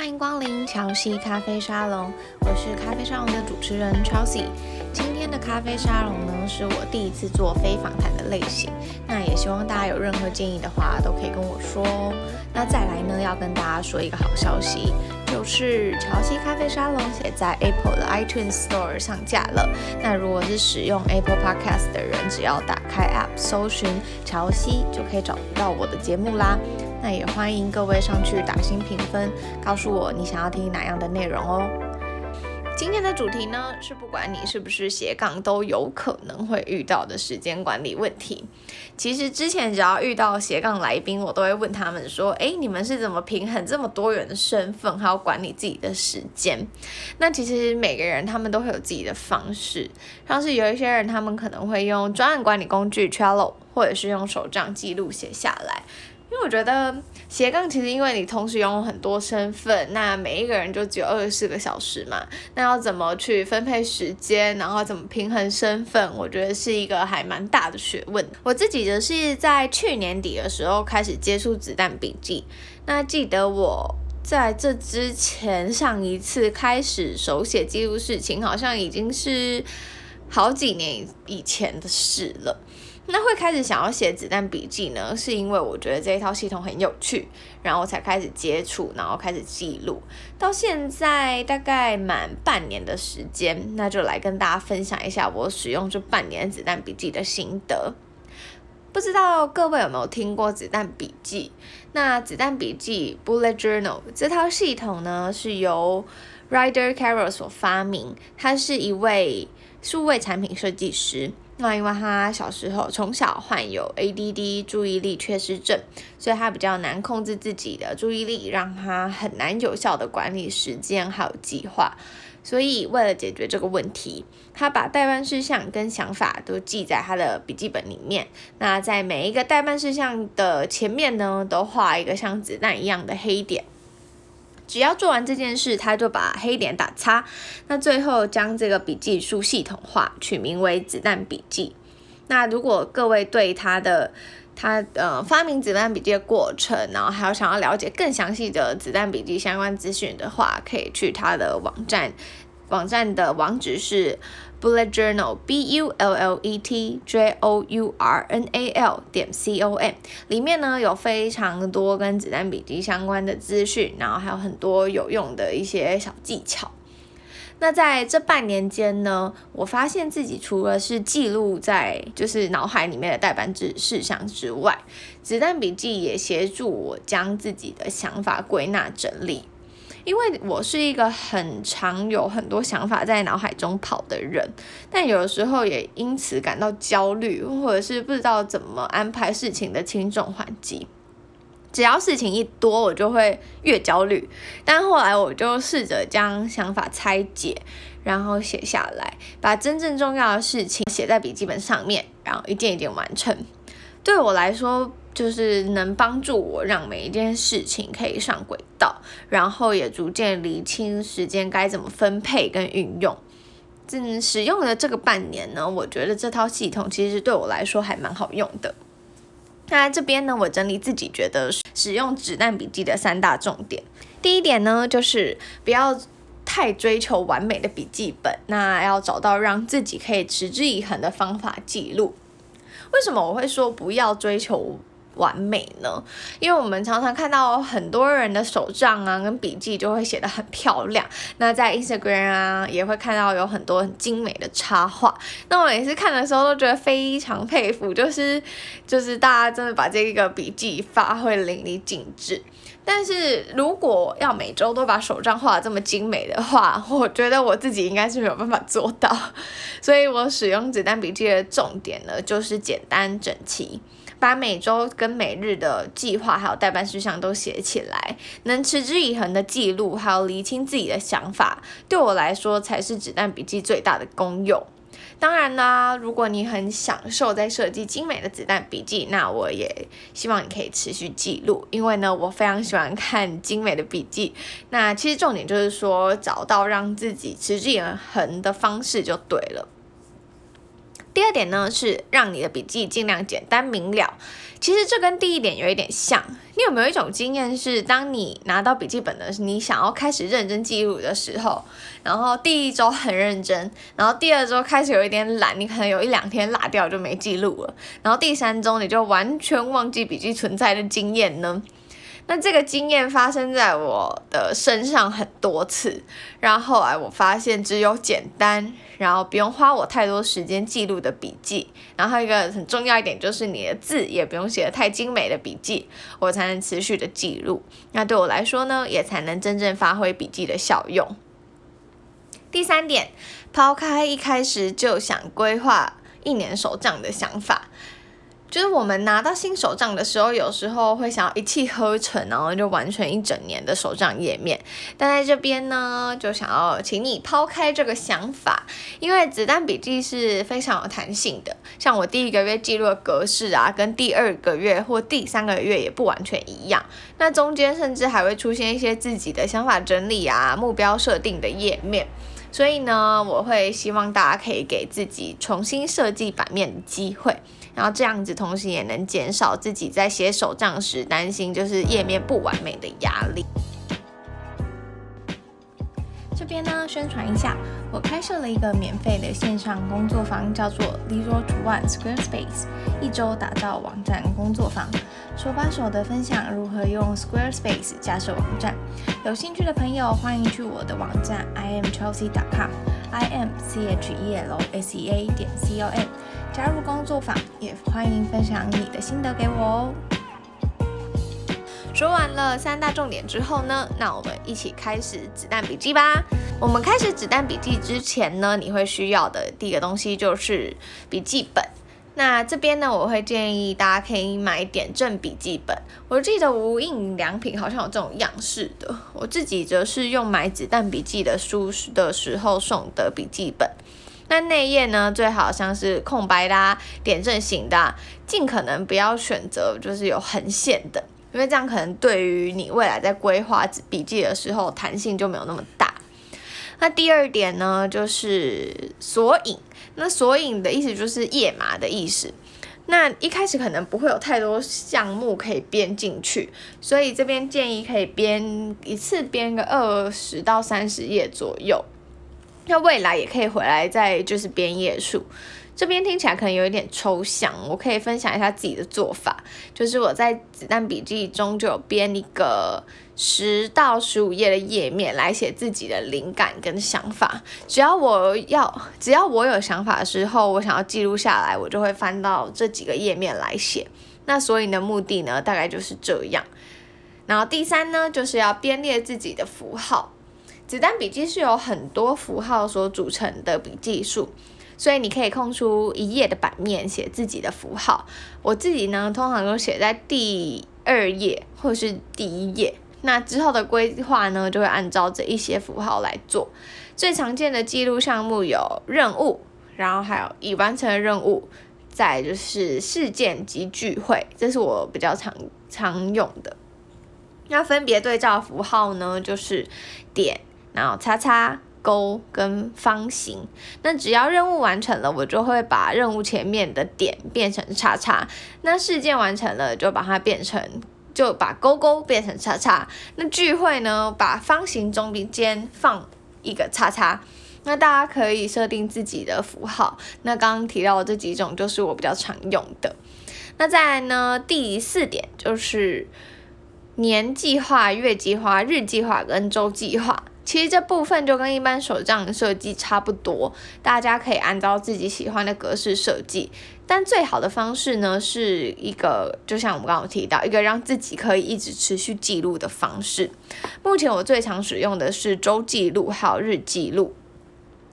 歡迎光臨喬西咖啡沙龍，我是咖啡沙龍的主持人喬西。今天的咖啡沙龍呢，是我第一次做非訪談的類型，那也希望大家有任何建議的話，都可以跟我說哦。那再來呢，要跟大家說一個好消息，就是喬西咖啡沙龍也在 Apple 的 iTunes Store 上架了。那如果是使用 Apple Podcast 的人，只要打開 App 搜尋喬西，就可以找到我的節目啦。那也歡迎各位上去打星評分，告訴我你想要聽哪樣的內容哦。今天的主題呢，是不管你是不是斜槓，都有可能會遇到的時間管理問題。其實之前只要遇到斜槓來賓，我都會問他們說：“哎、欸，你們是怎麼平衡這麼多元的身份，還要管理自己的時間？”那其實每個人他們都會有自己的方式，像是有一些人他們可能會用專案管理工具 Trello，或者是用手賬記錄寫下來。因為我覺得斜槓其實，因為你同時擁有很多身份，那每一個人就只有二十四個小時嘛，那要怎麼去分配時間，然後怎麼平衡身份，我覺得是一個還蠻大的學問。我自己則是在去年底的時候開始接觸子彈筆記，那記得我在這之前上一次開始手寫記錄事情，好像已經是好幾年以前的事了。那會開始想要寫子彈筆記呢，是因為我覺得這一套系統很有趣，然後才開始接觸，然後開始記錄。到現在大概滿半年的時間，那就來跟大家分享一下我使用這半年子彈筆記的心得。不知道各位有沒有聽過子彈筆記？那子彈筆記 （Bullet Journal） 這套系統呢，是由 Ryder Carroll 所發明，他是一位數位產品設計師。那因為他小時候從小患有 ADD 注意力缺失症，所以他比較難控制自己的注意力，讓他很難有效的管理時間還有計劃。所以為了解決這個問題，他把待辦事項跟想法都記在他的筆記本裡面。那在每一個待辦事項的前面呢，都畫一個像子彈一樣的黑點。只要做完這件事，他就把黑點打叉。那最後將這個筆記書系統化，取名為“子彈筆記”。那如果各位對他的他呃發明子彈筆記的過程，然後還有想要了解更詳細的子彈筆記相關資訊的話，可以去他的網站。網站的網址是 bulletjournal，B-U-L-L-E-T-J-O-U-R-N-A-L.com，裡面呢，有非常多跟子彈筆記相關的資訊，然後還有很多有用的一些小技巧。那在這半年間呢，我發現自己除了是記錄在就是腦海裡面的代辦事事項之外，子彈筆記也協助我將自己的想法歸納整理。因為我是一個很常有很多想法在腦海中跑的人，但有時候也因此感到焦慮，或者是不知道怎麼安排事情的輕重緩急。只要事情一多，我就會越焦慮。但後來我就試着將想法拆解，然後寫下來，把真正重要的事情寫在筆記本上面，然後一件一件完成。對我來說，就是能幫助我讓每一件事情可以上軌道，然後也逐漸理清時間該怎麼分配跟運用。嗯，使用了這個半年呢，我覺得這套系統其實對我來說還蠻好用的。那這邊呢，我整理自己覺得使用子彈筆記的三大重點。第一點呢，就是不要太追求完美的筆記本，那要找到讓自己可以持之以恆的方法記錄。為什麼我會說不要追求？完美呢，因為我們常常看到很多人的手帳啊，跟筆記就會寫得很漂亮。那在 Instagram 啊，也會看到有很多很精美的插畫。那我每次看的時候都覺得非常佩服，就是就是大家真的把這個筆記發揮了淋漓盡致。但是如果要每周都把手帳畫得這麼精美的話，我覺得我自己應該是沒有辦法做到。所以我使用子彈筆記的重點呢，就是簡單整齊，把每周跟每日的計劃還有待辦事項都寫起來，能持之以恆的記錄，還有理清自己的想法，對我來說才是子彈筆記最大的功用。當然呢、啊，如果你很享受在設計精美的子彈筆記，那我也希望你可以持續記錄，因為呢，我非常喜歡看精美的筆記。那其實重點就是說，找到讓自己持之以恆的方式就對了。第二點呢，是讓你的筆記盡量簡單明了。其實這跟第一點有一點像。你有沒有一種經驗是，當你拿到筆記本的時候，你想要開始認真記錄的時候，然後第一週很認真，然後第二週開始有一點懶，你可能有一兩天落掉就沒記錄了，然後第三週你就完全忘記筆記存在的經驗呢？那這個經驗發生在我的身上很多次，然後後來我發現只有簡單，然後不用花我太多時間記錄的筆記，然後一個很重要一點就是你的字也不用寫的太精美的筆記，我才能持續的記錄。那對我來說呢，也才能真正發揮筆記的效用。第三點，拋開一開始就想規劃一年手賬的想法。就是我們拿到新手賬的時候，有時候會想要一氣呵成，然後就完成一整年的手賬頁面。但在這邊呢，就想要請你拋開這個想法，因為子彈筆記是非常有彈性的。像我第一個月記錄的格式啊，跟第二個月或第三個月也不完全一樣。那中間甚至還會出現一些自己的想法整理啊、目標設定的頁面。所以呢，我會希望大家可以給自己重新設計版面的機會，然後這樣子，同時也能減少自己在寫手賬時擔心就是頁面不完美的壓力。這邊呢，宣傳一下。我開設了一個免費的線上工作坊，叫做 “Zero to One Squarespace”，一周打造網站工作坊，手把手的分享如何用 Squarespace 架設網站。有興趣的朋友歡迎去我的網站 i m c h e l s e a 點 c o m i m c h e l s e a 點 c o m 加入工作坊，也歡迎分享你的心得給我哦。說完了三大重點之後呢，那我們一起開始子彈筆記吧。我們開始子彈筆記之前呢，你會需要的第一個東西就是筆記本。那這邊呢，我會建議大家可以買點陣筆記本。我記得無印良品好像有這種樣式的。我自己則是用買子彈筆記的書的時候送的筆記本。那內頁呢，最好像是空白的、啊、點陣型的、啊，盡可能不要選擇就是有橫線的。因為這樣可能對於你未來在規劃筆記的時候，彈性就沒有那麼大。那第二點呢，就是索引。那索引的意思就是頁碼的意思。那一開始可能不會有太多項目可以編進去，所以這邊建議可以編一次編個二十到三十頁左右。那未來也可以回來再就是編頁數。這邊聽起來可能有一點抽象，我可以分享一下自己的做法，就是我在子彈筆記中就有編一個十到十五頁的頁面來寫自己的靈感跟想法。只要我要，只要我有想法的時候，我想要記錄下來，我就會翻到這幾個頁面來寫。那所以呢，目的呢，大概就是這樣。然後第三呢，就是要編列自己的符號。子彈筆記是由很多符號所組成的筆記術。所以你可以空出一頁的版面寫自己的符號。我自己呢，通常都寫在第二頁或是第一頁。那之後的規劃呢，就會按照這一些符號來做。最常見的記錄項目有任務，然後還有已完成的任務，再就是事件及聚會。這是我比較常常用的。那分別對照符號呢，就是點，然後叉叉。勾跟方形，那只要任務完成了，我就會把任務前面的點變成叉叉。那事件完成了，就把它變成，就把勾勾變成叉叉。那聚會呢，把方形中間放一個叉叉。那大家可以設定自己的符號。那剛剛提到的這幾種，就是我比較常用的。那再來呢，第四點就是年計劃、月計劃、日計劃跟周計劃。其實這部分就跟一般手賬的設計差不多，大家可以按照自己喜歡的格式設計。但最好的方式呢，是一個就像我們剛剛提到，一個讓自己可以一直持續記錄的方式。目前我最常使用的是周記錄還有日記錄。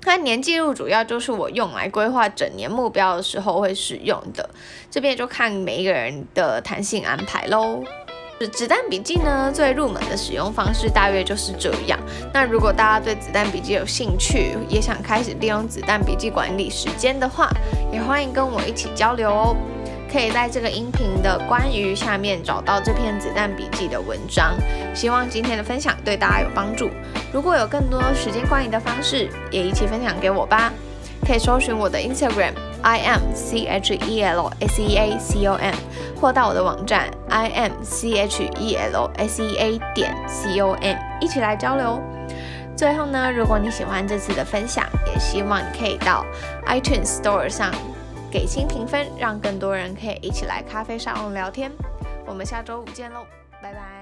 那年記錄主要就是我用來規劃整年目標的時候會使用的。這邊就看每一個人的彈性安排嘍。子彈筆記呢，最入門的使用方式大約就是這樣。那如果大家對子彈筆記有興趣，也想開始利用子彈筆記管理時間的話，也歡迎跟我一起交流哦。可以在這個音頻的關於下面找到這篇子彈筆記的文章。希望今天的分享對大家有幫助。如果有更多時間管理的方式，也一起分享給我吧。可以搜尋我的 Instagram。i m c h e l s e a c o m 或到我的網站 i m c h e l s e a 點 c o m 一起來交流。最後呢，如果你喜歡這次的分享，也希望你可以到 iTunes Store 上給星評分，讓更多人可以一起來咖啡沙龍聊天。我們下周五見嘍，拜拜。